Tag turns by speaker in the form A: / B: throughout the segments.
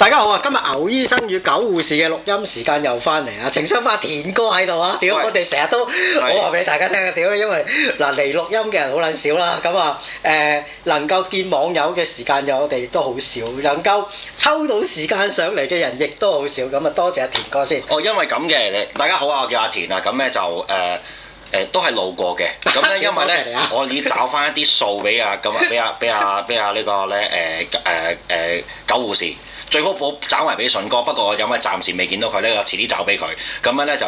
A: 大家好啊！今日牛醫生與狗護士嘅錄音時間又翻嚟啊！情商花田哥喺度啊！屌我哋成日都，我話俾大家聽啊！屌，因為嗱嚟錄音嘅人好撚少啦，咁啊，誒，能夠見網友嘅時間又我哋都好少，能夠抽到時間上嚟嘅人亦都好少，咁啊，多謝阿田哥先。
B: 哦，因為咁嘅，大家好啊，我叫阿田啊，咁咧就誒誒都係路過嘅，咁咧因為咧我要找翻一啲數俾阿咁俾阿俾阿俾阿呢個咧誒誒誒狗護士。最好保找埋俾順哥，不過有咩暫時未見到佢咧，我遲啲找俾佢。咁樣咧就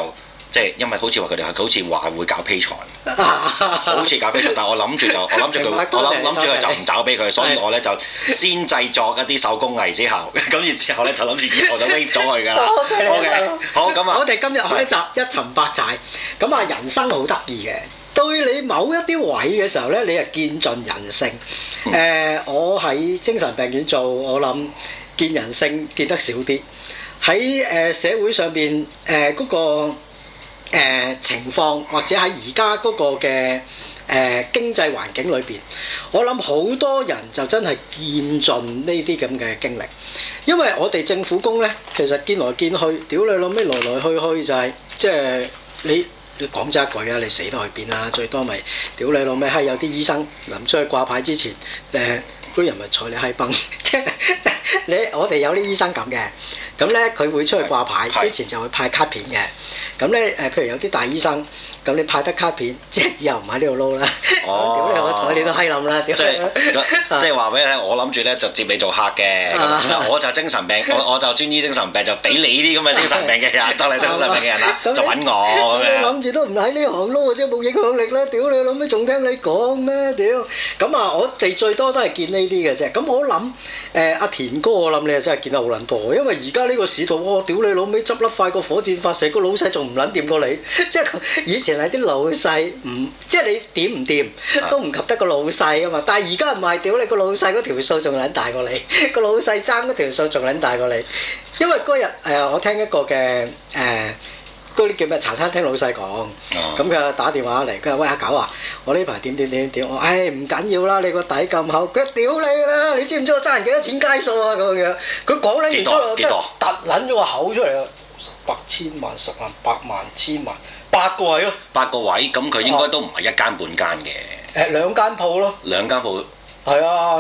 B: 即係因為好似話佢哋好似話會搞批廠、啊，好似搞批廠，但係我諗住就我諗住佢，我諗諗住佢就唔找俾佢，對所以我咧就先製作一啲手工藝之後，咁 然後之後咧就諗住以後就醃咗醃咗佢㗎啦。好嘅，okay, 好咁啊！我哋今日開一
A: 集一沉百踩，咁啊人生好得意嘅，對你某一啲位嘅時候咧，你係見盡人性。誒、呃，我喺精神病院做，我諗。見人性見得少啲，喺誒社會上邊誒嗰個、呃、情況，或者喺而家嗰個嘅誒、呃、經濟環境裏邊，我諗好多人就真係見盡呢啲咁嘅經歷，因為我哋政府工咧，其實見來見去，屌你老味來來去去就係、是、即係你你講真一句啊，你死都去邊啊，最多咪屌你老味。係有啲醫生臨出去掛牌之前誒。呃啲人咪睬你閪崩，即係你我哋有啲醫生咁嘅，咁咧佢會出去掛牌，派之前就會派卡片嘅，咁咧誒譬如有啲大醫生。咁你派得卡片，即係又唔喺呢度撈啦！哦，屌你，我睬你都閪諗啦！
B: 屌！即係即話俾你聽，我諗住咧就接你做客嘅，我就精神病，我我就專醫精神病，就俾你啲咁嘅精神病嘅人，得你精神病嘅人啦，就揾我咁，諗
A: 住都唔喺呢行撈，即係冇影響力啦！屌你老尾，仲聽你講咩？屌！咁啊，我哋最多都係見呢啲嘅啫。咁我諗誒阿田哥，我諗你啊真係見得好撚多，因為而家呢個市道，我屌你老尾執粒快過火箭發射，個老細仲唔撚掂過你？即係以前。係啲老細唔，即係你點唔掂都唔及得個老細啊嘛！但係而家唔係，屌你個老細嗰條數仲撚大過你，個老細爭嗰條數仲撚大過你。因為嗰日誒，我聽一個嘅誒嗰啲叫咩茶餐廳老細講，咁佢又打電話嚟，佢又喂，阿狗啊，我呢排點點點點，我唉，唔緊要啦，你個底咁厚，佢屌你啦！你知唔知我爭人幾多錢街數啊？咁樣樣，佢講完我後，少我突撚咗個口出嚟啊，百千萬、十萬、百萬、千萬。
B: 八個位咯、啊，八個位咁佢應該都唔係一間半間嘅，
A: 誒兩間鋪咯，兩間鋪，係啊，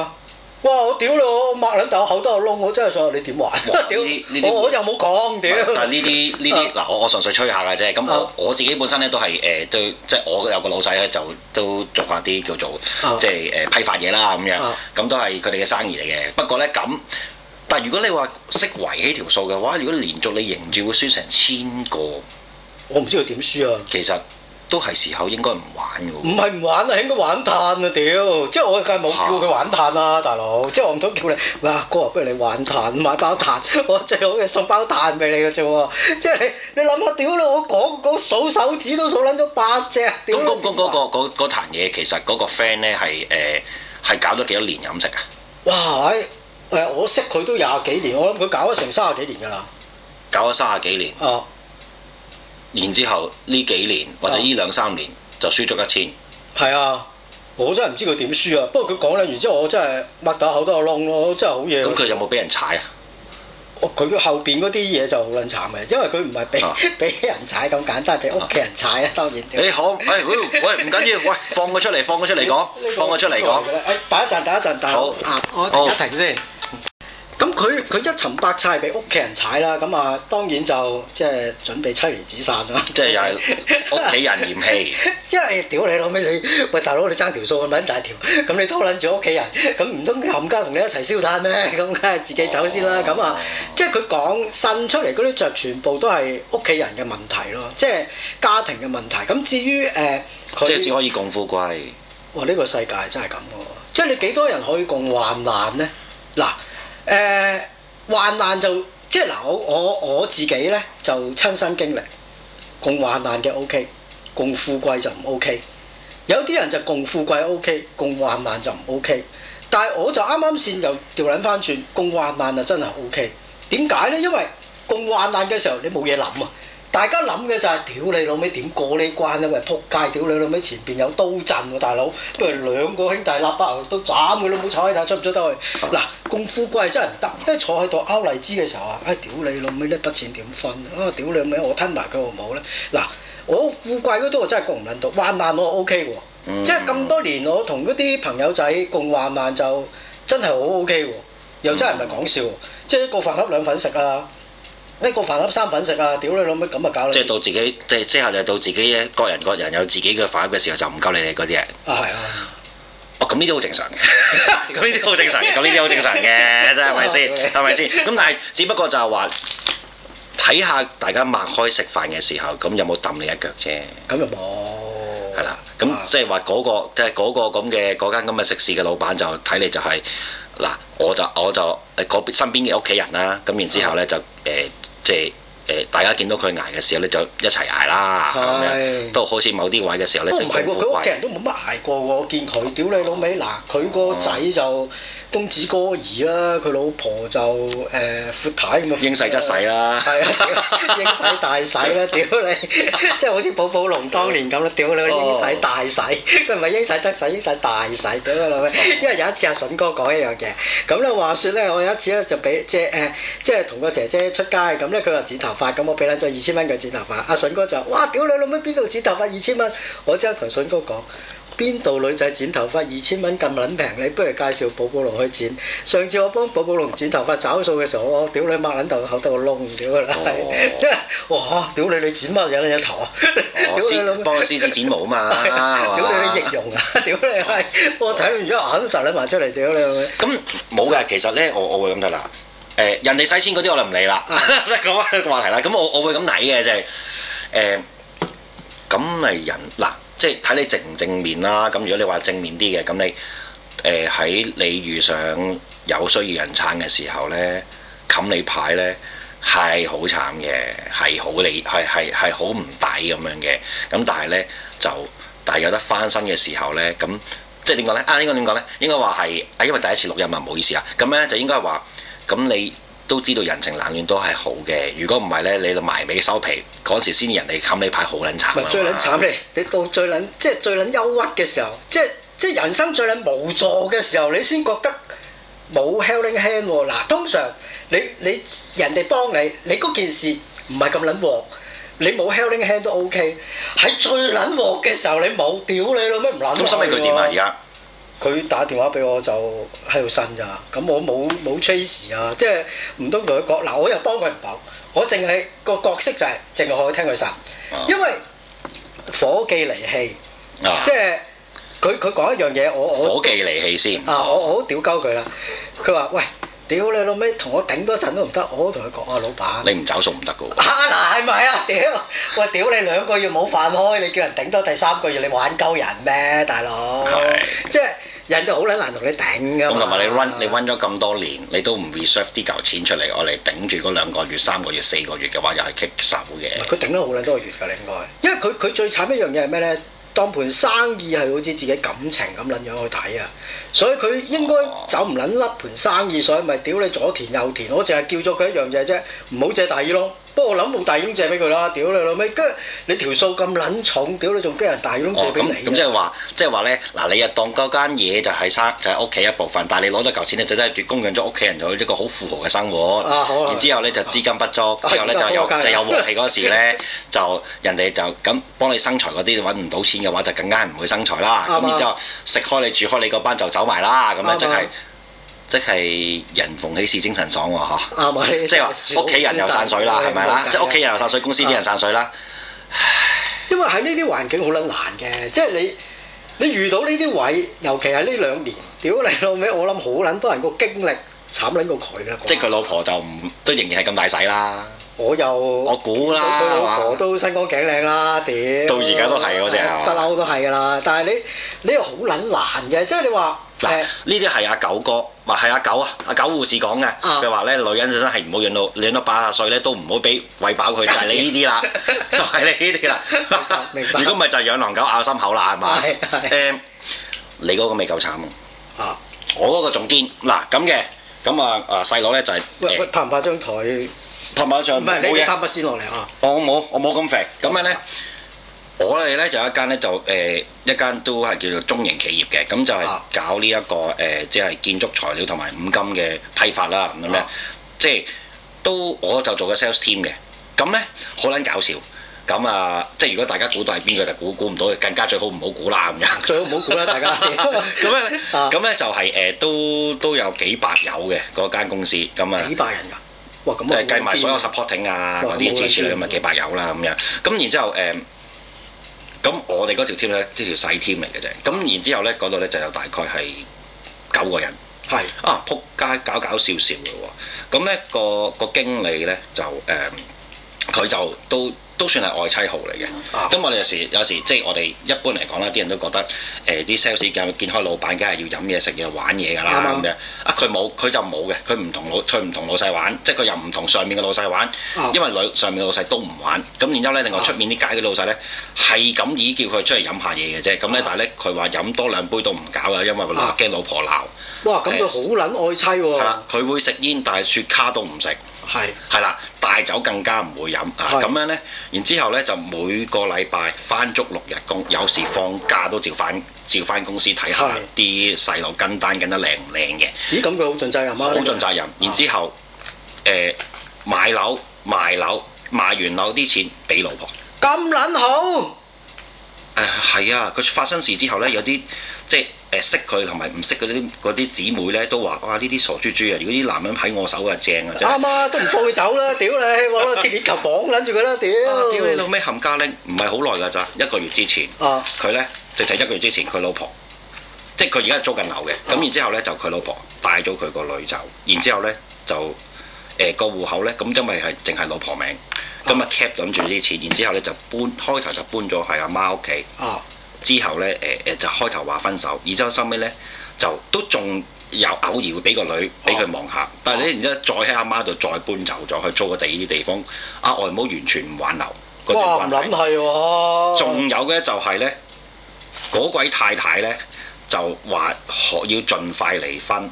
A: 哇我屌咯，我擘兩大口都有窿，我真係想你點玩？屌， 我又冇講屌。但係呢啲呢啲
B: 嗱，啊、我我純粹吹下嘅啫。咁我、啊、我自己本身咧都係誒都即係我有個老細咧就都做下啲叫做即係誒批發嘢啦咁樣，咁都係佢哋嘅生意嚟嘅。不過咧咁，但係如果你話識圍起條數嘅話，如果連續你贏住，會輸成千個。我唔知道點輸啊！其實都係時候應該唔玩
A: 噶。唔係唔玩啊，應該玩炭啊屌！即係我梗係冇叫佢玩炭啊，大佬！啊、即係我唔想叫你，哇哥，哥，不如你玩炭買包炭，我最好嘅送包炭俾你嘅啫喎！即係你你諗下，屌你！你想想我講數手指都數捻咗八隻。
B: 咁嗰嗰嗰個壇嘢，其實嗰個 friend 咧係誒係搞咗幾多年飲食啊？
A: 哇！誒、欸，我識佢都廿幾年，我諗佢搞咗成卅幾年噶啦，
B: 搞咗卅幾年、啊。哦、啊。然之後呢幾年或者呢兩三年就輸咗一千。
A: 係啊，我真係唔知佢點輸啊！不過佢講咧，然之後我真係擘到好多窿咯，真係好嘢。咁佢
B: 有冇俾人踩啊？
A: 我佢後邊嗰啲嘢就好撚慘嘅，因為佢唔係俾俾人踩咁簡單，俾屋企人踩啊。當然。你好，喂唔緊要，喂放佢出嚟，放佢出嚟講，放佢出嚟講，誒等一陣，等一陣，等好，我停先。咁佢佢一沉百踩俾屋企人踩啦，咁啊當然就即係準備妻離子散啦，即係又係
B: 屋企人嫌棄 。
A: 即係屌你，老味，你喂大佬，你爭條數咁撚大條？咁你拖撚住屋企人，咁唔通冚家同你一齊燒炭咩？咁梗係自己走先啦。咁啊、哦，即係佢講呻出嚟嗰啲就全部都係屋企人嘅問題咯，即係家庭嘅問題。咁至於誒，呃、即係只可
B: 以共富貴。
A: 哇！呢個世界真係咁喎，即係你幾多人可以共患難咧？嗱。誒、呃、患難就即係嗱，我我自己咧就親身經歷共患難嘅 O K，共富貴就唔 O K。有啲人就共富貴 O K，共患難就唔 O K。但係我就啱啱先又調捻翻轉，共患難就真係 O K。點解咧？因為共患難嘅時候你冇嘢諗啊。大家諗嘅就係屌你老味點過呢關啊！咪仆街！屌你老味。前邊有刀陣、啊、大佬！不如兩個兄弟攬把都斬佢都冇踩曬，出唔出得去？嗱，共富貴真係唔得，坐喺度拗荔枝嘅時候啊，唉、哎、屌你老味呢筆錢點分啊！屌你老味，我吞埋佢好唔好咧？嗱，我富貴嗰度真係共唔撚到，患難我 O K 喎，嗯、即係咁多年我同嗰啲朋友仔共患難就真係好 O K 喎，又真係唔係講笑，嗯、即係一個飯盒兩份食啊！一個飯盒三粉食啊！屌你老味，咁啊搞你！即係
B: 到自己，即係之後就到自己咧，各人各人有自己嘅飯盒嘅時候就唔夠你哋嗰啲人。啊，係啊！哦，咁呢啲好正常嘅，咁呢啲好正常嘅，咁呢啲好正常嘅，真係係咪先？係咪先？咁但係只不過就係話睇下大家擘開食飯嘅時候，咁有冇揼你一腳啫？
A: 咁又
B: 冇。係啦，咁即係話嗰個即係嗰個咁嘅嗰間咁嘅食肆嘅老闆就睇你就係嗱，我就我就誒嗰邊身邊嘅屋企人啦，咁然之後咧就誒。即係誒，大家見到佢挨嘅時候咧，就一齊挨啦。都是好似某啲位嘅時候咧，一唔係，佢屋企人
A: 都冇乜挨過喎。我見佢屌你老味嗱，佢個仔就。嗯公子哥兒啦，佢老婆就誒闊太咁啊！應使則使啦，應使大使啦，屌你！即係好似寶寶龍當年咁啦，屌你應使大使，佢唔係應使則使，應使大使屌你老味！因為有一次阿筍哥講一樣嘢，咁咧話説咧，我有一次咧就俾借誒，即係同個姐姐出街，咁咧佢話剪頭髮，咁我俾撚咗二千蚊佢剪頭髮。阿筍哥就話：哇！屌你老味，邊度剪頭髮二千蚊？我即刻同筍哥講。邊度女仔剪頭髮二千蚊咁撚平？你不如介紹寶寶龍去剪。上次我幫寶寶龍剪頭髮找數嘅時候，我屌你媽撚頭後頭弄屌啦！哇！屌你你剪乜嘢嘢頭啊、哦？幫個先
B: 生剪毛啊嘛！屌你嘅易
A: 容啊！屌你
B: 係我睇完咗，嚇就撚埋出嚟屌你！咁冇嘅，其實咧我我會咁得啦。誒、呃、人哋使錢嗰啲我就唔理啦。講返個話題啦。咁 我我，我會咁睇嘅就係誒咁咪人嗱。呃即係睇你正唔正面啦、啊，咁如果你話正面啲嘅，咁你誒喺、呃、你遇上有需要人撐嘅時候咧，冚你牌咧係好慘嘅，係好你係係係好唔抵咁樣嘅，咁但係咧就但係有得翻身嘅時候咧，咁即係點講咧？啊應該點講咧？應該話係啊，因為第一次錄音啊，唔好意思啊，咁咧就應該話咁你。都知道人情冷暖都係好嘅，如果唔係咧，你就埋尾收皮嗰時先人哋冚你排好撚慘。咪最撚慘你，
A: 你到最撚即係最撚憂鬱嘅時候，即係即係人生最撚無助嘅時候，你先覺得冇 helping hand。嗱、啊，通常你你，你人哋幫你，你嗰件事唔係咁撚鑊，你冇 helping hand 都 OK。喺最撚鑊嘅時候，你冇屌你老咩唔撚鑊？咁收尾佢點啊？而家佢打電話俾我就喺度呻咋，咁我冇冇 trace 啊，即係唔通同佢講嗱，我又幫佢唔到，我淨係個角色就係淨係可以聽佢呻，因為伙記離氣，
B: 啊、即係
A: 佢佢講一樣嘢，我我伙記離氣先啊，我好屌鳩佢啦，佢話喂屌你老味同我頂多一陣都唔得，我同佢講啊，老闆，你唔找數唔得嘅喎，嗱係咪？係咪啊？屌，喂屌，屌你兩個月冇飯開，你叫人頂多第三個月你玩鳩人咩，大佬？即係。 人就好撚難同你頂
B: 㗎嘛。咁同埋你 run，你 run 咗咁多年，你都唔 reserve 啲嚿錢出嚟，我哋頂住嗰兩個月、三個月、四個月嘅話，又係棘手嘅。唔係
A: 佢頂得好撚多個月㗎，你應該，因為佢佢最慘一樣嘢係咩咧？當盤生意係好似自己感情咁撚樣去睇啊，所以佢應該走唔撚甩盤生意，所以咪屌你左填右填，我淨係叫咗佢一樣嘢啫，唔好借大耳窿。 我我不過我諗冇大傭借俾佢啦，屌你老味，跟你條數咁撚重，屌你仲俾人大傭借俾你。咁咁即係
B: 話，即係話咧，嗱、嗯，你又當嗰間嘢就係生，就係屋企一部分，但係你攞咗嚿錢咧，就真係供養咗屋企人就去一個好富豪嘅生活。然之後咧就資金不足，之後咧就又就有和氣嗰時咧，就人哋就咁幫你生財嗰啲揾唔到錢嘅話，就更加唔會生財啦。咁然之後食開你住開你嗰班就走埋啦，咁啊真係。即係人逢喜事精神爽喎，嚇！
A: 即係話屋企人又散水啦，係咪啦？即係屋企
B: 人又散水，公司啲人散水啦。
A: 因為喺呢啲環境好撚難嘅，即係你你遇到呢啲位，尤其係呢兩年，屌你老味，我諗好撚多人個經歷慘撚過佢啦。
B: 即係佢老婆就唔都仍然係咁大使啦。
A: 我又我估啦，佢老婆都身光頸靚啦，屌！到而家都係我知不嬲都係㗎啦。但係你你又好撚難嘅，即係你話。
B: 呢啲係阿九哥，或係阿九啊，阿九護士講嘅佢話咧，女人真係唔好養到養到八十歲咧，都唔好俾餵飽佢，就係你呢啲啦，就係你呢啲啦。如果唔係就係養狼狗咬心口啦，係咪？誒，你嗰個未夠慘啊！我嗰個仲堅嗱咁嘅，咁啊啊細佬咧就係，
A: 怕唔怕張台？唔係，你三筆先落嚟
B: 啊！我冇，我冇咁肥，咁咧。我哋咧就一間咧，就、呃、誒一間都係叫做中型企業嘅，咁就係搞呢一個誒，即、呃、係建築材料同埋五金嘅批發啦，咁樣，哦、即係都我就做個 sales team 嘅，咁咧好撚搞笑，咁啊，即係如果大家估到係邊個就估估唔到，更加最好唔好估啦，咁樣。 最好唔好估啦，大家。 咁咧、就係，咁咧就係誒，都都有幾百友嘅嗰間公司，咁啊。幾百人㗎？
A: 哇！咁誒，計埋所有 supporting 啊，嗰啲支持啊，咁啊，幾百友啦，咁樣。
B: 咁然之後誒。咁我哋嗰條 team 咧，即係條細 team 嚟嘅啫。咁然之後咧，嗰度咧就有大概係九個人。係啊，仆街搞搞笑笑嘅喎。咁咧個個經理咧就誒，佢就都。都算係愛妻號嚟嘅，咁、啊嗯、我哋有時有時即係我哋一般嚟講啦，啲人都覺得誒啲 sales 見見開老闆，梗係要飲嘢食嘢玩嘢㗎啦咁樣。嗯、啊，佢冇，佢就冇嘅，佢唔同老佢唔同老細玩，即係佢又唔同上面嘅老細玩，因為上上面嘅老細都唔玩。咁然之後咧，另外出面啲街嘅老細咧係咁意叫佢出嚟飲下嘢嘅啫。咁咧，但係咧佢話飲多兩杯都唔搞㗎，因為佢話驚老婆鬧。啊、哇！咁佢好撚
A: 愛妻喎、哦。係啦、
B: 啊，佢會食煙，但係雪茄都唔食。係係啦。大酒更加唔會飲，咁、啊、是樣呢？然後之後呢，就每個禮拜翻足六日工，有時放假都照返，照翻公司睇下啲細路跟單跟得靚唔靚嘅。咦，咁佢好盡責任啊！好盡責任，然之後誒、啊呃、買樓賣樓，賣完樓啲錢俾老婆，
A: 咁撚好。
B: 誒係啊！佢發生事之後咧，有啲即係誒、呃、識佢同埋唔識嗰啲嗰啲姊妹咧，都話：哇！呢啲傻豬豬啊！如果啲男人喺我手啊，正啊！啱啊，
A: 都唔放佢走啦！屌你， 我攞鐵鏈球綁攬住佢啦！屌、啊！屌你老
B: 尾冚家拎，唔係好耐㗎咋？一個月之前，佢咧、啊，直就是、一個月之前，佢老婆，即係佢而家租緊樓嘅。咁、啊、然之後咧，就佢老婆帶咗佢個女走，然之後咧就，呢誒個、呃、戶口咧，咁因為係淨係老婆名，咁啊 cap 諗住啲錢，然之後咧就搬，開頭就搬咗喺阿媽屋企，啊、之後咧誒誒就開頭話分手，而之後收尾咧就都仲有偶然會俾個女俾佢望下，但係咧然之後再喺阿媽度再搬走咗去租個第二啲地方，阿、啊啊、外母完全唔挽留，
A: 我諗哇係喎，
B: 仲有嘅就係咧嗰鬼太太咧就話學要盡快離婚。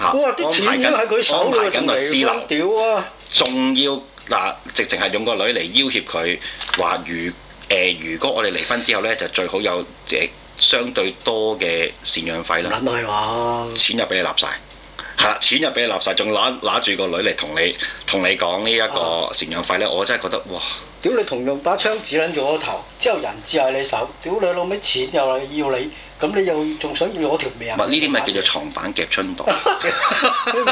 B: 哇！啲哇錢已經喺佢手嘅嚟，仲哇要嗱，啊啊、直情係用個女嚟要挾佢，話如誒、呃，如果我哋離婚之後咧，就最好有誒相對多嘅贍養費啦。梗係喎，錢又俾你立晒，係啦，錢又俾你立晒，仲拿拿住個女嚟同你同你講呢一個贍養費咧，我真係覺得哇！
A: 屌、啊、你，同用把槍指撚住我頭，之後人質喺你手，屌你老味錢又要你？咁你又仲想要我條命？唔係呢
B: 啲咪叫做床板夾春
A: 袋，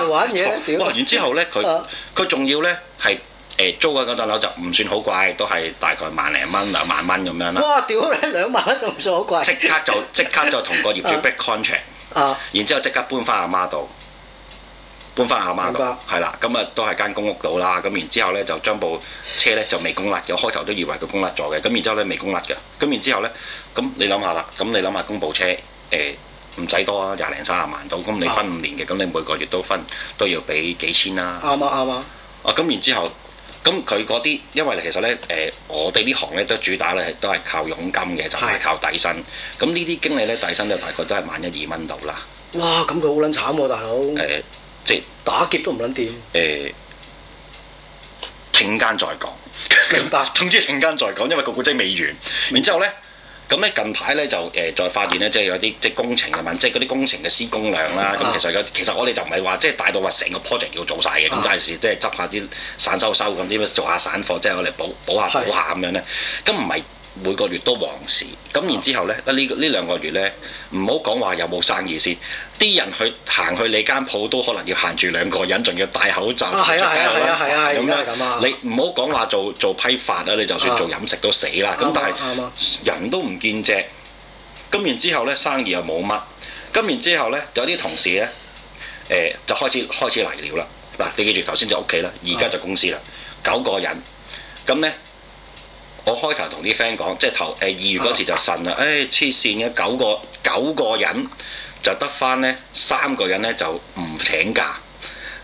A: 玩嘢咧，完
B: 之後呢，佢佢仲要呢，係誒、呃、租緊嗰棟樓就唔算好貴，都係大概萬零蚊兩萬蚊咁樣啦。 哇！屌
A: 你兩萬蚊就唔算好
B: 貴！即 刻就即刻就同個業主 break contract 然之後即刻搬翻阿媽度。搬翻阿媽度，係啦、啊，咁啊都係間公屋度啦。咁然之後咧，就將部車咧就未供甩，有開頭都以為佢供甩咗嘅。咁然之後咧未供甩嘅，咁然之後咧，咁你諗下啦，咁你諗下供部車誒唔使多啊，廿零卅萬到，咁你分五年嘅，咁、哦、你每個月都分都要俾幾千啦。啱啊啱啊。啊，咁然之後，咁佢嗰啲，因為其實咧誒、呃，我哋呢行咧都主打咧都係靠佣金嘅，是就唔係靠底薪。咁呢啲經理咧底薪就大概都係萬一二蚊到啦。哇！
A: 咁佢好撚慘喎，大佬。誒。即、就是、打劫
B: 都唔撚掂。誒、呃，停間再講。白 總之停間再講，因為個古跡未完。然之後咧，咁咧近排咧就誒、呃、再發現咧，即係有啲即係工程嘅問，即係嗰啲工程嘅施工量啦。咁、啊、其實有，其實我哋就唔係話即係大到話成個 project 要做晒嘅。咁、啊、但係時即係執下啲散收收咁，點樣做下散貨，即係我哋補補下是補下咁樣咧。咁唔係。每個月都黃市，咁然之後咧，呢呢兩個月咧，唔好講話有冇生意先，啲人去行去你間鋪都可能要限住兩個人，仲要戴口罩。啊係啊係啊係啊係咁樣咁啊。你唔好講話做做批發啊，你就算做飲食都死啦。咁、啊、但係、啊啊啊、人都唔見隻，咁然之後咧生意又冇乜，咁然之後咧有啲同事咧，誒、呃、就開始開始嚟了啦。嗱，你記住頭先就屋企啦，而家就公司啦，九、啊、個人，咁咧。我開頭同啲 friend 講，即係頭誒二月嗰時就、啊哎、神啦，誒黐線嘅九個九個人就
A: 得翻咧三個
B: 人咧就唔請假，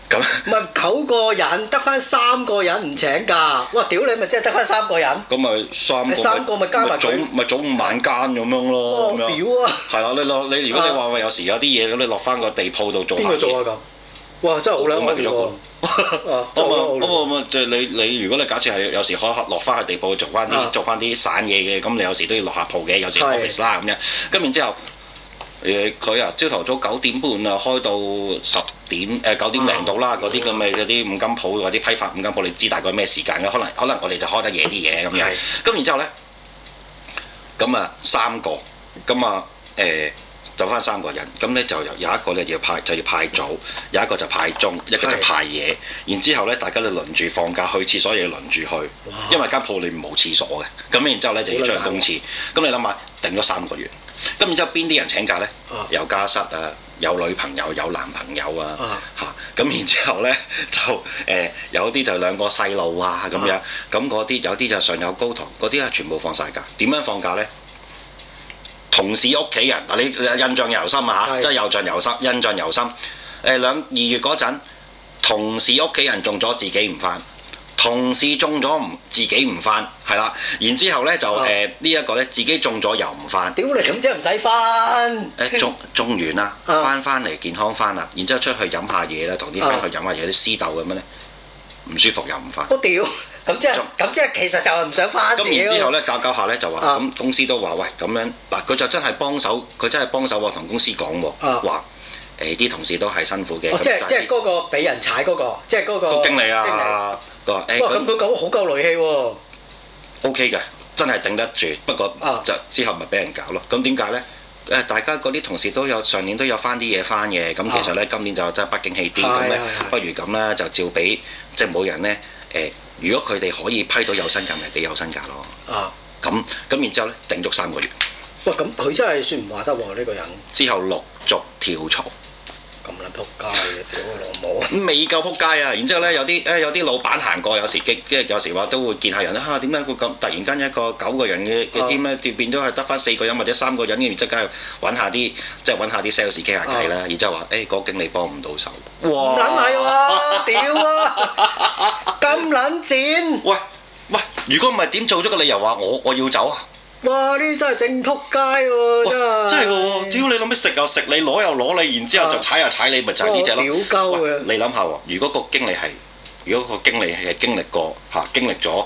B: 咁唔係
A: 九個人得翻三個人唔請假，哇屌你咪即係得翻三個人，咁咪三三個咪加埋早
B: 咪早午晚間咁樣咯，係啦，你落你如果你話話有時有啲嘢咁，你落翻個地鋪度做下嘢。哇！真係好兩咁冇乜叫做工。咁啊，咁啊，即係你你，如果你假設係有時開落翻去地鋪，做翻啲做翻啲散嘢嘅，咁你有時都要落下鋪嘅，有時 office 啦咁樣。咁然之後，誒佢啊，朝頭早九點半啊，開到十點誒九點零度啦，嗰啲咁嘅嗰啲五金鋪或者批發五金鋪，你知大概咩時間嘅？可能可能我哋就開得夜啲嘢。咁樣。咁然之後咧，咁啊三個，咁啊誒。走翻三個人，咁咧就有一個咧要派，就要派早，有一個就派中，一個就派夜。是的 然之後咧，大家都輪住放假，去廁所亦要輪住去，哇 因為間鋪裏面冇廁所嘅。咁然之後咧厲就要出去公廁。咁、啊、你諗下，定咗三個月，咁然之後邊啲人請假咧？啊、有家室啊，有女朋友、有男朋友啊,啊，嚇。咁然之後咧就誒、呃，有啲就兩個細路啊咁樣。咁嗰啲有啲就上有高堂，嗰啲係全部放晒假。點樣放假咧？同事屋企人嗱，你印象尤深啊嚇，即係又盡又深，印象尤深。誒兩二月嗰陣，同事屋企人中咗，自己唔翻；同事中咗唔自己唔翻，係啦。然之後咧就誒、啊呃這個、呢一個咧，自己中咗又唔翻。屌你、啊呃，咁
A: 即係唔使翻。誒中
B: 中完啦，翻翻嚟健康翻啦，然之後出去飲下嘢啦，同啲 friend 去飲下嘢，啲是的 私竇咁樣咧，唔舒服又唔翻。
A: 我屌！咁即係咁即係，其實就係唔想翻。咁然之後咧，搞搞下
B: 咧就話咁公司都話喂咁樣，嗱佢就真係幫手，佢真係幫手喎，同公司講喎，話啲同事都係辛苦嘅。即係即係
A: 嗰個俾人踩嗰個，即係嗰個。個經理啊，
B: 個誒咁，佢咁好夠雷氣喎。O K 嘅，真係頂得住，不過就之後咪俾人搞咯。咁點解咧？誒，大家嗰啲同事都有上年都有翻啲嘢翻嘅，咁其實咧今年就真係不景氣啲咁咧，不如咁啦，就照俾即係冇人咧誒。如果佢哋可以批到有薪假，咪俾有薪假咯。啊，咁咁然之後咧，頂足三個月。
A: 喂，咁佢真係算唔話得喎呢個人。
B: 之後陸續跳槽。
A: 咁撚撲街嘅
B: 屌，老母！未夠撲街啊！然之後咧，有啲誒，有啲老闆行過，有時激即係有時話都會見下人啦。點、啊、解會咁突然間一個九個人嘅嘅 team 咧，變變咗係得翻四個人或者三個人嘅，然之後梗係揾下啲即係揾下啲 sales 傾下偈啦。找找啊、然之後話誒，個經理幫唔到手。哇！
A: 唔撚係喎，屌啊！咁撚賤。 喂
B: 喂，如果唔係點做咗個理由話，我我，我要走啊！
A: 哇！呢啲真係正仆街喎、啊，哇真係哇真
B: 只是要你諗咩食又食你，攞又攞你，然之後就踩又踩你。咪就係呢隻咯。你諗下喎？如果個經理係，如果個經理係經歷過吓、啊，經歷咗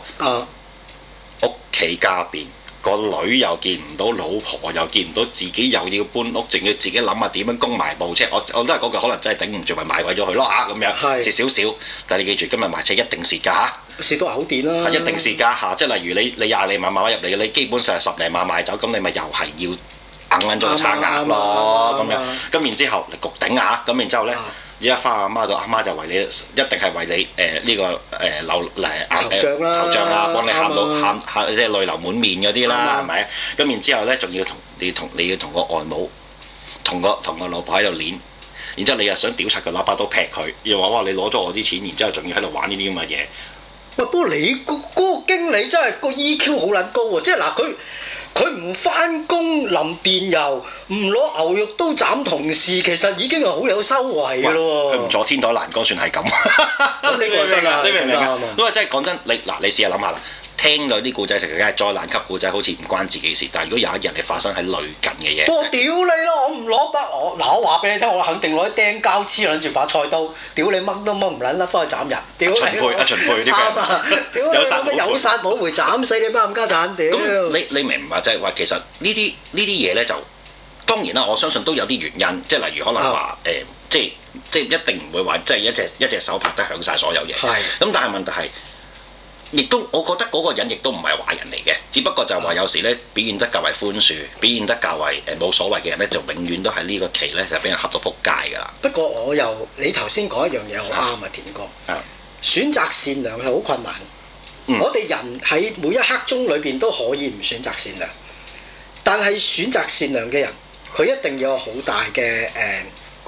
B: 屋企家變。個女又見唔到，老婆又見唔到，自己又要搬屋，淨要自己諗下點樣供埋部車。我我都係嗰句，可能真係頂唔住買了了，咪賣鬼咗佢啦，咁樣蝕少少。但係你記住，今日賣車一定蝕㗎嚇，蝕都係好掂啦。一定蝕㗎嚇，即係例如你你廿零萬買入嚟嘅，你基本上係十零萬賣走，咁你咪又係要。硬硬咗就撐硬咯，咁樣咁然之後嚟焗頂嚇，咁然之後咧，而家翻阿媽度，阿媽就為你，一定係為你誒呢個誒流嚟啊！啦，惆悵啦，幫你喊到喊喊即係淚流滿面嗰啲啦，係咪啊？咁然之後咧，仲要同你同你要同個外母，同個同個老婆喺度練，然之後你又想屌柒佢，攞把刀劈佢，又話哇你攞咗我啲錢，然之後仲要喺度玩呢啲咁嘅嘢。
A: 喂，不過你個嗰個經理真係個 EQ 好撚高喎，即係嗱佢。佢唔翻工淋電油，唔攞牛肉刀斬同事，其實已經係好有修為咯喎！佢唔坐
B: 天台欄杆算係咁。
A: 呢個真㗎，你明唔明啊？
B: 不過真係講真，你嗱，你試下諗下啦。聽到啲故仔，其實梗係災難級故仔，好似唔關自己事。但係如果有一日你發生喺類近嘅嘢，我
A: 屌你咯！我唔攞筆，我嗱我話俾你聽，我肯定攞啲釘膠黐撚住把菜刀，屌你掹都掹唔撚甩，翻去斬人。陳佩，陳佩啲劇。啊！有殺冇會斬死你，冇冚家鏟屌。你
B: 你明唔明啊？即係話其實呢啲呢啲嘢咧，就當然啦，我相信都有啲原因，即係例如可能話誒，即係即係一定唔會話即係一隻一隻手拍得響晒所有嘢。咁，但係問題係。亦都，我覺得嗰個人亦都唔係壞人嚟嘅，只不過就係話有時咧，表現得較為寬恕、表現得較為誒冇所謂嘅人咧，就永遠都喺呢個期咧就俾人恰到仆街㗎喇。
A: 不過我又你頭先講一樣嘢好啱啊，田哥。啊，選擇善良係好困難。嗯、我哋人喺每一刻鐘裏邊都可以唔選擇善良，但係選擇善良嘅人，佢一定要有好大嘅誒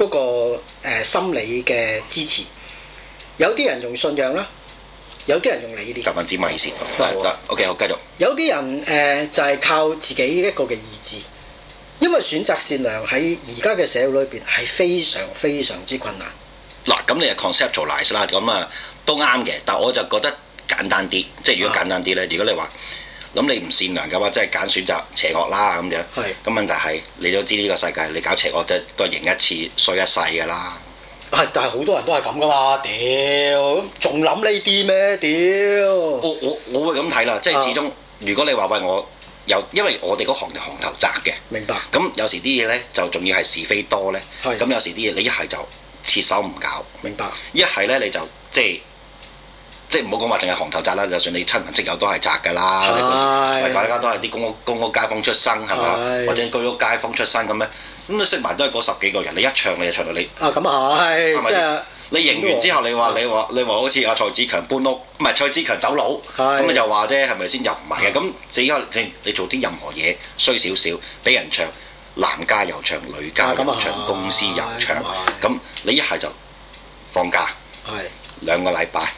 A: 嗰個、呃、心理嘅支持。有啲人用信仰啦。有啲人用你呢啲雜文子問起先，得得，OK 好，繼續。有啲人誒、呃、就係、是、靠自己一個嘅意志，因為選擇善良喺而家嘅社會裏邊係非常非常之困難。
B: 嗱，咁你 conceptualize 啦，咁啊都啱嘅，但我就覺得簡單啲，即係如果簡單啲咧，啊、如果你，你話，咁你唔善良嘅話，即係揀選擇邪惡啦咁樣，係是。咁問題係你都知呢個世界，你搞邪惡即係都係贏一次，衰一世噶啦。
A: 但係好多人都係咁噶嘛，屌，仲諗
B: 呢啲咩？屌，我我我會咁睇啦，即係始終，如果你話喂我有，又因為我哋嗰行就行頭窄嘅，明白。咁有時啲嘢呢，就仲要係是，是非多呢。咁是有時啲嘢你一係就切手唔搞，明白。一係呢，你就即係。即係唔好講話，淨係行頭宅啦。就算你親朋戚友都係宅㗎啦，大家都係啲公屋公屋街坊出身，係嘛？或者居屋街坊出身咁咧，咁都識埋都係嗰十幾個人。你一唱你就唱到你
A: 咁啊，係，即係你贏完之後，你話你
B: 話你話好似阿蔡子強搬屋，唔係蔡子強走佬，咁你就話啫，係咪先入唔埋嘅？咁只開你做啲任何嘢衰少少，俾人唱男家又唱女家又唱公司又唱，咁你一係就放假，係兩個禮拜，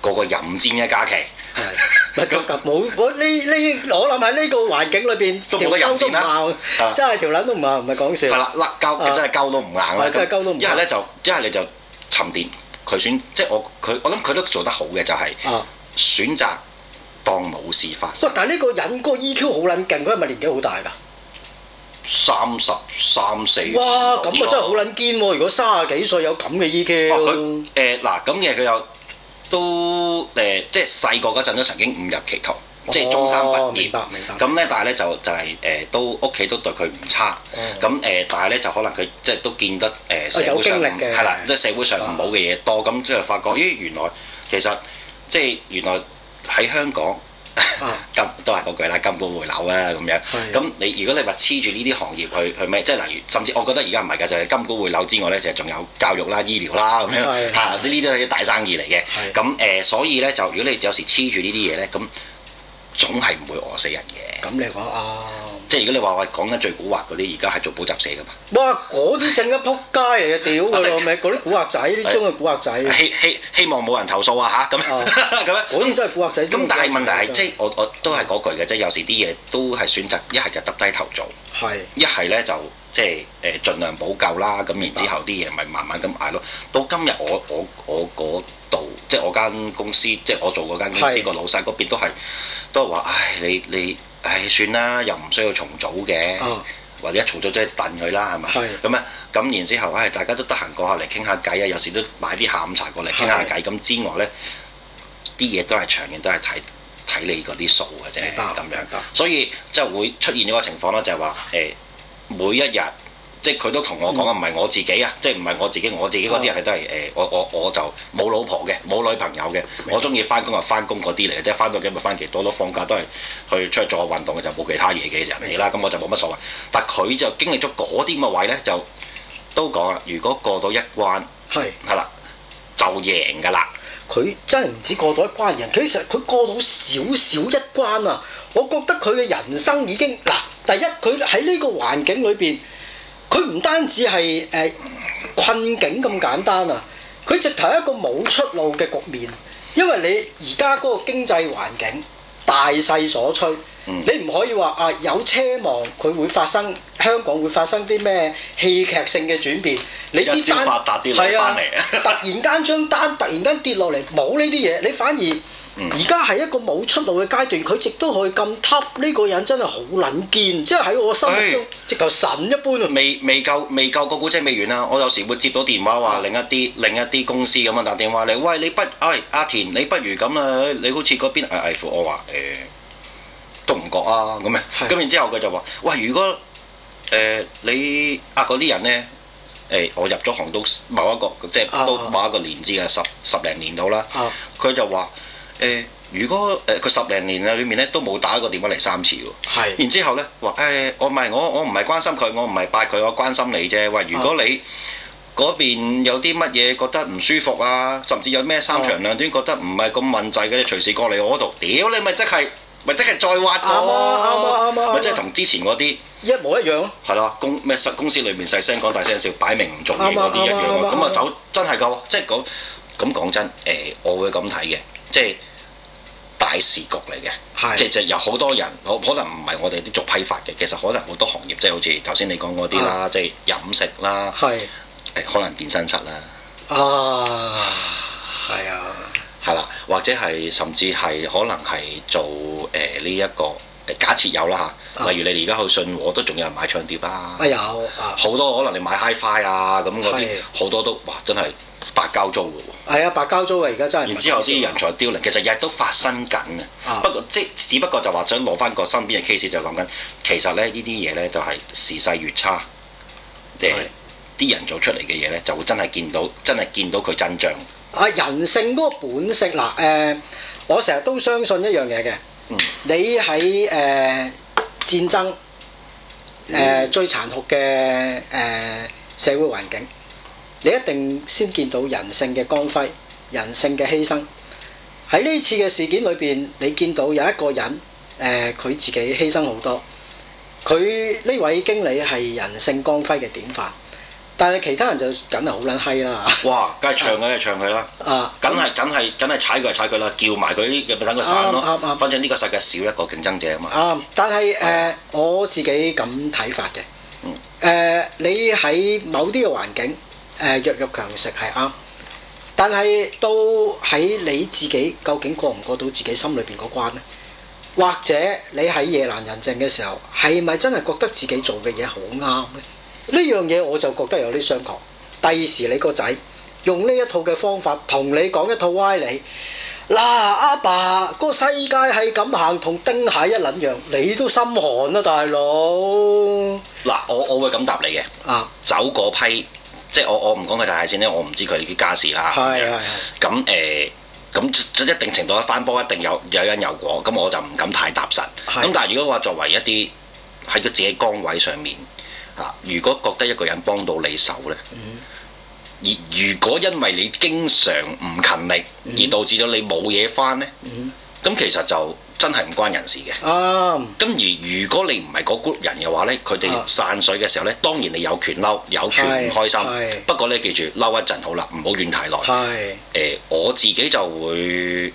B: 個個淫戰嘅假期，
A: 唔係冇我呢呢，我諗喺呢個環境裏邊都冇得飲戰啦。真係條捻都唔係唔係講笑。係啦，拉溝真係鳩都唔硬啦。真係鳩都唔一係咧就
B: 一係你就沉澱佢選，即係我佢我諗佢都做得好嘅，就係選擇當冇事發
A: 生。喂，但係呢個人嗰個 EQ 好撚勁，佢係咪年紀好大㗎？三
B: 十三四。
A: 哇，咁啊真係好撚堅喎！如果卅幾歲有咁嘅 EQ，誒嗱咁嘅佢有。
B: 都誒、呃，即係細個嗰陣都曾經誤入歧途，即係、哦、中三畢業。咁咧，但係咧就就係、是、誒，都屋企都對佢唔差。咁誒、哦，但係咧就可能佢即係都見得誒社會上係啦，即係、哦就是、社會上唔好嘅嘢、哦、多。咁即係發覺咦，原來其實即係原來喺香港。金、啊、都係嗰句啦，金股匯樓啊，咁樣。咁是你如果你話黐住呢啲行業去去咩，即係例如，甚至我覺得而家唔係㗎，就係、是、金股匯樓之外咧，就係仲有教育啦、醫療啦咁樣嚇，呢啲都係啲大生意嚟嘅。咁誒是、呃，所以咧就如果你有時黐住呢啲嘢咧，咁總係唔會餓死人嘅。咁你講說你啊？即係如果你話我講緊最古惑嗰啲，而家係做補習社噶嘛？
A: 哇！嗰啲正一撲街嚟嘅屌啊，咪嗰啲古惑仔，呢種係古惑仔。希
B: 希希望冇人投訴啊吓，咁咁樣。嗰啲、啊、真係古惑仔。咁 那但係問題係， 即係我我都係嗰句嘅，即係有時啲嘢都係選擇一係就耷低頭做，一係咧就即係誒盡量補救啦。咁然之後啲嘢咪慢慢咁捱咯。到今日我我我嗰度，即係我，即我間公司，即係我做嗰間公司個老細嗰邊都係都係話，唉，你你。你你你唉，算啦，又唔需要重組嘅，哦、或者一重組即係等佢啦，係嘛？咁啊是的，咁然之後唉，大家都得閒過下嚟傾下偈啊，有時都買啲下午茶過嚟傾下偈。咁是的 之外呢，啲嘢都係長遠都係睇睇你嗰啲數嘅啫，咁是的 樣。是的 所以即係會出現咗個情況啦，就係話誒，每一日。即係佢都同我講啊，唔係我自己啊，即係唔係我自己，我自己嗰啲人係都係誒，我我我就冇老婆嘅，冇女朋友嘅，我中意翻工啊，翻工嗰啲嚟嘅，即係翻到幾日翻幾多，到放假都係去出嚟做下運動嘅，就冇其他嘢嘅人嚟啦。咁我就冇乜所謂。但係佢就經歷咗嗰啲咁嘅位咧，就都
A: 講啦。如果過到一關，係係啦，就贏㗎啦。佢真係唔止過到一關贏，其實佢過到少少一關啊。我覺得佢嘅人生已經嗱，第一佢喺呢個環境裏邊。佢唔單止係誒困境咁簡單啊！佢直頭係一個冇出路嘅局面，因為你而家嗰個經濟環境大勢所趨，嗯、你唔可以話啊有奢望佢會發生香港會發生啲咩戲劇性嘅轉變。你啲發達啲係啊，回來 突然間張單突然間跌落嚟，冇呢啲嘢，你反而。而家係一個冇出路嘅階段，佢直都可以咁 tough 呢個人真係好撚堅，即係喺我心目中，
B: 直頭神一般。未未夠未夠，個故事未完啦，我有時會接到電話話另一啲另一啲公司咁樣打電話嚟，喂，你不哎阿田，你不如咁啦，你好似嗰邊捱，我話誒，都唔覺啊？咁樣咁然之後佢就話：喂，如果誒你啊嗰啲人咧誒，我入咗行都某一個即係都某一個年資嘅十十零年度啦，佢就話。誒，如果誒佢十零年啊裏面咧都冇打過電話嚟三次喎，係。然之後咧話誒，我唔係我我唔係關心佢，我唔係拜佢，我關心你啫。話如果你嗰邊有啲乜嘢覺得唔舒服啊，甚至有咩三長兩短覺得唔係咁穩陣嘅，你隨時過嚟我嗰度。屌你咪即係，咪即係再挖我，啱啊啱啊啱啊！咪即係同之前嗰啲一模一樣，係咯，公咩？公司裏面細聲講大聲笑，擺明唔重要嗰啲一樣。咁啊走，真係㗎，即係講咁講真，誒，我會咁睇嘅，即係。大市局嚟嘅，即係有好多人，可能唔係我哋啲做批發嘅，其實可能好多行業，即係好似頭先你講嗰啲啦，即係飲食啦，誒的可能健身室啦，
A: 啊，係啊唉，係
B: 啦的，或者係甚至係可能係做誒呢一個，假設有啦嚇，例如你而家去信和都仲有人買唱碟啊，哎、啊有，好多可能你買 HiFi 啊咁嗰啲，好的多都哇真係。白交租嘅
A: 喎，係啊，白交租啊。而家真係。然之後啲
B: 人才凋零，其實日日都發生緊啊。不過即只，只不過就話想攞翻個身邊嘅 case 就講緊，其實咧呢啲嘢咧就係時勢越差，即誒啲人做出嚟嘅嘢咧就會真係見到，真係見到佢真相。
A: 啊，人性嗰個本性嗱，誒、呃、我成日都相信一樣嘢嘅，嗯、你喺誒、呃、戰爭誒、呃、最殘酷嘅誒、呃、社會環境。你一定先見到人性嘅光輝，人性嘅犧牲喺呢次嘅事件裏邊，你見到有一個人，誒、呃、佢自己犧牲好多。佢呢位經理係人性光輝嘅典範，但係其他人就梗係好撚閪啦。哇，梗
B: 係唱佢，就唱佢啦，梗係梗係梗係踩佢就踩佢啦，叫埋佢啲，咪等佢散咯。啱啱、啊。啊、反正呢個世界少一個競爭者啊嘛。
A: 啱、啊，但係誒、呃啊、我自己咁睇法嘅。嗯、呃。你喺某啲嘅環境。弱弱強食係啱，但係到喺你自己究竟過唔過到自己心裏邊嗰關呢，或者你喺夜闌人靜嘅時候，係咪真係覺得自己做嘅嘢好啱咧？呢樣嘢我就覺得有啲商榷。第二時你個仔用呢一套嘅方法同你講一套歪理，嗱、啊、阿爸、爸、個世界係咁行，同丁蟹一撚樣，你都心寒啦，大
B: 佬。嗱、啊，我我會咁答你嘅，啊、走嗰批。即係我我唔講佢大細先咧，我唔知佢哋啲家事啦。係係係。咁誒、嗯，咁一定程度一翻波一定有有因有果，咁我就唔敢太踏實。咁但係如果話作為一啲喺個自己崗位上面嚇，如果覺得一個人幫到你手咧，而如果因為你經常唔勤力，而導致咗你冇嘢翻咧，咁、嗯、其實就。真係唔關人事嘅。咁、啊、而如果你唔係嗰 group 人嘅話呢，佢哋散水嘅時候呢，啊、當然你有權嬲，有權唔開心。不過咧，記住嬲一陣好啦，唔好怨太耐是、呃。我自己就會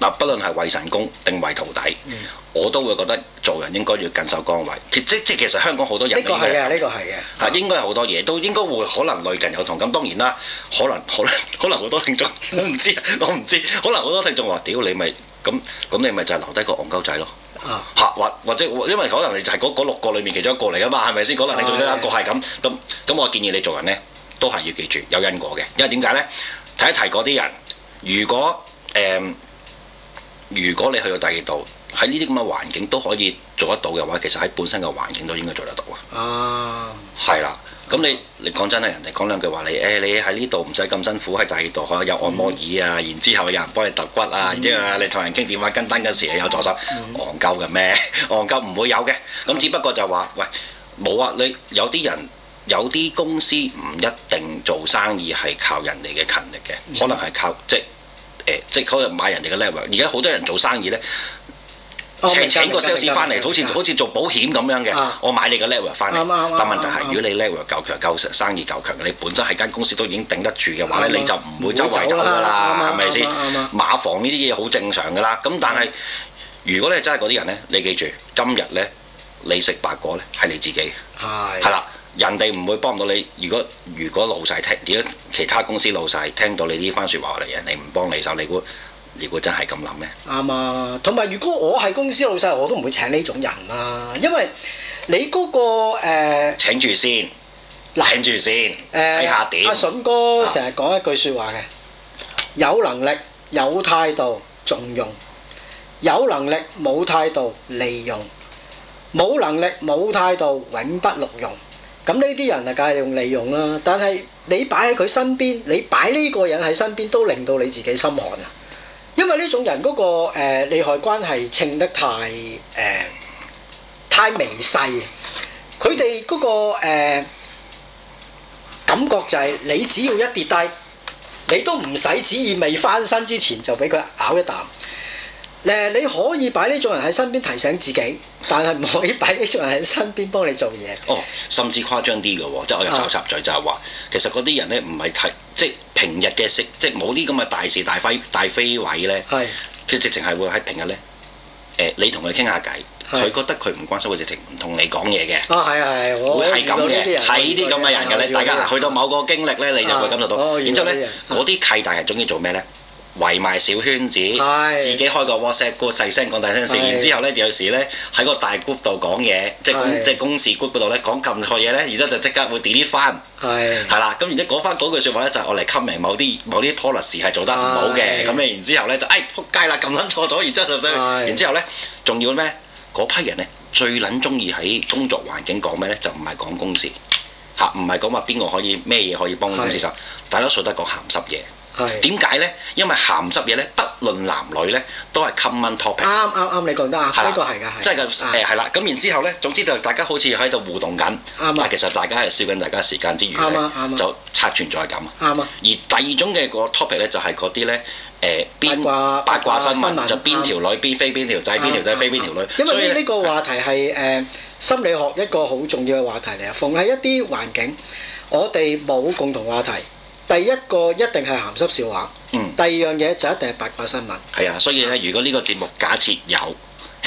B: 嗱，不論係為神功定為徒弟，嗯、我都會覺得做人應該要謹守崗位。其即即其實香港好多人個係呢個係嘅。嚇，應該好多嘢，都應該會可能類近有同感。咁當然啦，可能可能可能好多聽眾， 我唔知，我唔知，我唔知，可能好多聽眾話：屌你咪。你咁咁你咪就係留低個戇鳩仔咯，嚇或、啊、或者，或者因為可能你就係嗰六個裡面其中一個嚟啊嘛，係咪先？可能你仲有一個係咁，咁咁的我建議你做人呢，都係要記住有因果嘅，因為點解呢？提一提嗰啲人，如果誒、呃、如果你去到第二度喺呢啲咁嘅環境都可以做得到嘅話，其實喺本身嘅環境都應該做得到
A: 啊。
B: 啊，係啦。咁你你講真咧，人哋講兩句話，你誒、欸、你喺呢度唔使咁辛苦，喺第二度嚇有按摩椅啊，嗯、然之後有人幫你揼骨啊，嗯、然之後你同人傾電話跟單嗰時又有助手，戇鳩嘅咩？戇鳩唔會有嘅。咁只不過就話喂，冇啊，你有啲人有啲公司唔一定做生意係靠人哋嘅勤力嘅，嗯、可能係靠即係、呃、即係可能買人哋嘅 level 而家好多人做生意呢。請請個 sales 翻嚟，好似好似做保險咁樣嘅，我買你個 lever 翻嚟。但問題係，如果你 lever 夠強夠生意夠強，你本身係間公司都已經頂得住嘅話咧，你就唔會周圍走噶啦，係咪先？馬房呢啲嘢好正常噶啦。咁但係，如果你真係嗰啲人咧，你記住，今日咧你食白果咧係你自己，係啦，人哋唔會幫到你。如果如果老細聽，如果其他公司老細聽到你呢番説話嚟，人哋唔幫你手，你估？如果真係咁諗咧，
A: 啱啊！同埋，如果我係公司老細，我都唔會請呢種人啦，因為你嗰個誒請住先，請住先，睇下點。阿筍哥成日講一句説話嘅，有能力有態度重用，有能力冇態度利用，冇能力冇態度永不錄用。咁呢啲人就梗係用利用啦。但係你擺喺佢身邊，你擺呢個人喺身邊都令到你自己心寒啊！因為呢種人嗰、嗰個、呃、利害關係稱得太誒、呃、太微細，佢哋嗰個、呃、感覺就係你只要一跌低，你都唔使旨意未翻身之前就俾佢咬一啖。誒、呃，你可以擺呢種人喺身邊提醒自己，但係唔可以擺呢種人喺身邊幫你做嘢。哦，
B: 甚至誇張啲嘅喎，即係我又插嘴就係話，啊、其實嗰啲人咧唔係提。即係平日嘅食，即係冇啲咁嘅大事大揮大飛位咧，佢是直情係會喺平日咧，誒、呃、你同佢傾下偈，佢是覺得佢唔關心，佢直情唔同你講嘢嘅。
A: 啊係係，我會係咁嘅，係呢啲咁嘅人嘅咧。大家、啊、去到某
B: 個經歷咧，你就會感受到。啊、然之後咧，嗰啲契弟係中意做咩咧？圍埋小圈子，是自己開個 WhatsApp，個細聲講大聲事。是然之後咧，有時咧喺個大 group 度講嘢，是即公即公事 group 嗰度咧講撳錯嘢咧，然之後就即刻會 delete 翻。係係啦，咁然之後講翻嗰句説話咧，就係我嚟吸明某啲某啲 policy 係做得唔好嘅。咁誒是然之後咧就唉撲街啦，撳撚錯咗，然之後就，是然之後咧仲要咩？嗰批人咧最撚中意喺工作環境講咩咧？就唔係講公事嚇，唔係講話邊個可以咩嘢可以幫公司手，實大多數得個鹹濕嘢。點解咧？因為鹹濕嘢咧，不論男女咧，都係 common topic。啱啱啱，你講得啱，呢個係㗎，係。即係個誒係啦。咁然之後咧，總之就大家好似喺度互動緊，但其實大家係消緊大家時間之餘，就刷存在感。啱而第二種嘅個 topic 咧，就係嗰啲咧，誒邊八卦新聞就邊條女邊飛邊條仔，邊條仔飛邊條女。因為呢
A: 個話題係誒心理學一個好重要嘅話題嚟啊！逢喺一啲環境，我哋冇共同話題。第一個一定係鹹濕笑話，嗯，第二樣嘢就一定係八卦新聞。
B: 係啊，所以咧，如果呢個節目假設有，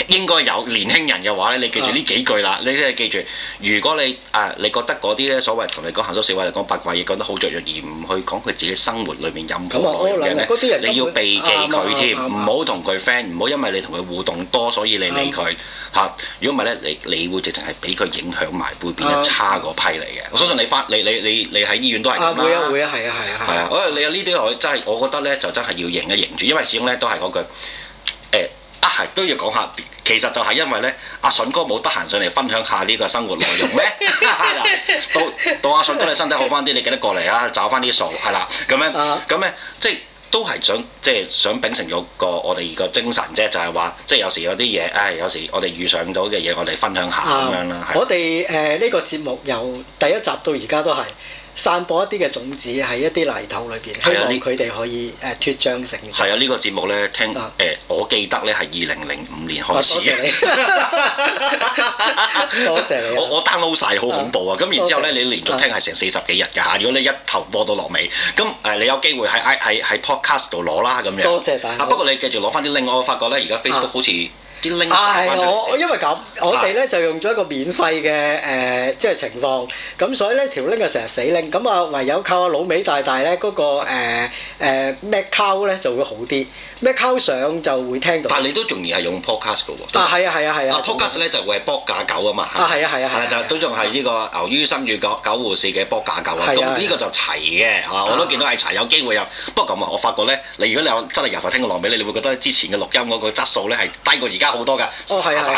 B: 應該有年輕人嘅話咧，你記住呢幾句啦，啊、你即係記住，如果你啊你覺得嗰啲咧所謂同你講行數四位」、嚟講八卦嘢講得好雀躍，而唔去講佢自己生活裏面任何內容，你要避忌佢添，唔好同佢 friend，唔好因為你同佢互動多所以你理佢嚇。如果唔係咧，你你會直情係俾佢影響埋，會變得差嗰批嚟嘅。啊、我相信你返你你你你喺醫院都係咁啦。會
A: 啊會啊係啊係啊
B: 係啊！我你呢啲我真係我覺得咧就真係要認一認住，因為始終咧都係嗰句誒。呃啊，係都要講下，其實就係因為咧，阿、啊、順哥冇得閒上嚟分享下呢個生活內容咩？ 到到、啊、阿順哥你身體好翻啲，你記得過嚟啊，找翻啲數，係啦，咁、嗯、樣，咁、嗯、咧、嗯，即係都係想，即係想秉承咗個我哋個精神啫，就係、是、話，即係有時有啲嘢，唉、哎，有時我哋遇上到嘅嘢，我哋分享下咁樣啦。啊、的
A: 我哋誒呢個節目由第一集到而家都係。散播一啲嘅種子喺一啲泥土裏邊，希望佢哋可以誒茁壯成長。
B: 係啊，啊，這個、節呢個節目咧，聽誒、呃，我記得咧係二零零五年開始嘅、啊。多謝你。 謝你啊、我，我 download 晒，好恐怖啊！咁、啊、然之後咧，謝你連續聽係成、啊、四十幾日㗎。如果你一頭播到落尾，咁誒，你有機會喺喺喺 podcast 度攞啦。咁樣多謝大家。不過你繼續攞翻啲另外我發覺咧，而家 Facebook 好似。啊見 s 啊，係
A: 我，因為咁，的我哋咧就用咗一個免費嘅誒，即係情況，咁所以咧條拎啊成日死拎，咁啊唯有靠阿老尾大大咧嗰個誒誒咩溝咧就會好啲，咩溝上,上、呃呃、就會聽到。但係你都
B: 仲然係用 Pod、啊、Podcast 嘅喎、
A: 啊。啊，係、這個、啊，係啊的，係啊。p o d c a s
B: t 咧就會係波架狗啊嘛。啊，係啊，係啊，係啊，就都仲係呢個牛於心與狗狗護士嘅波架狗啊。係。咁呢個就齊嘅，的啊，啊我都見到係齊，有機會有。不過咁啊，我發覺咧，你如果你有真係由頭聽到落尾咧，你會覺得之前嘅錄音嗰個質素咧係低過而家。好多噶，殺死都我意思係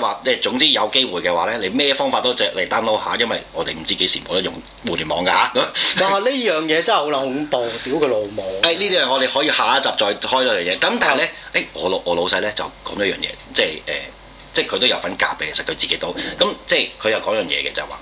B: 話，即係的總之有機會嘅話咧，你咩方法都著嚟 download 下，因為我哋唔知幾時冇得用互聯網㗎嚇。
A: 但係呢樣嘢真係好撚恐怖，屌佢老母！誒，
B: 呢啲係我哋可以下一集再開呢樣嘢。咁但係咧，誒、啊哎、我，我老我老細咧就講咗一樣嘢，即係誒、呃，即係佢都有份夾俾，其實佢自己都咁，即係佢又講樣嘢嘅就係話，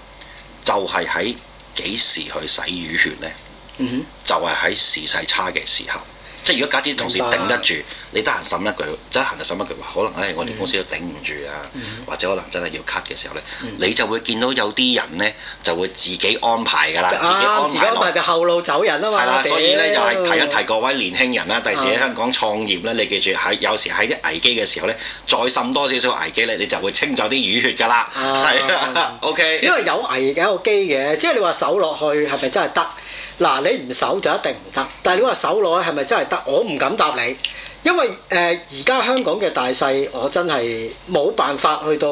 B: 就係喺幾時去洗魚血咧？嗯哼，就係喺時勢差嘅時候。即係如果假設同事頂得住，嗯、你得閒審一句，得閒就審一句話，可能誒、哎、我哋公司都頂唔住啊，嗯、或者可能真係要 cut 嘅時候咧，嗯、你就會見到有啲人咧就會自己安
A: 排㗎啦、啊啊，自己安排嘅後路走人啊嘛。係啦、啊，所以咧又係提一提
B: 各位年輕人啦，第時喺香港創業咧，你記住喺有時喺啲危機嘅時候咧，再審多少少危機咧，你就會清走啲淤血㗎啦。係啊
A: ，OK，啊、 因為有危嘅一個機嘅，即、就、係、是、你話守落去係咪真係得？ 嗱，你唔守就一定唔得，但係你話守耐係咪真係得？我唔敢答你，因為誒而家香港嘅大勢，我真係冇辦法去到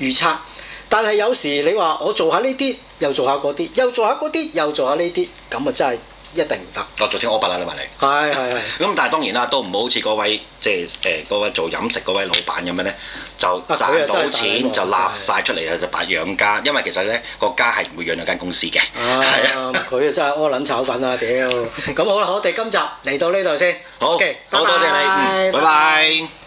A: 預測。但係有時你話我做下呢啲，又做下嗰啲，又做下嗰啲，又做下呢啲，咁啊真係～一定
B: 唔得，我、哦、做清蝦白啦，你問你，係係係。咁但係當然啦，都唔好好似嗰位即係誒嗰位做飲食嗰位老闆咁樣咧，就賺到錢、啊、就立晒出嚟的就白養家，因為其實咧個家係唔會養兩間公司嘅，
A: 係啊，佢真係屙卵炒粉啊屌！咁 好啦，我哋今集嚟到呢度先，好，好，okay, bye bye 好多謝你，bye bye 拜拜。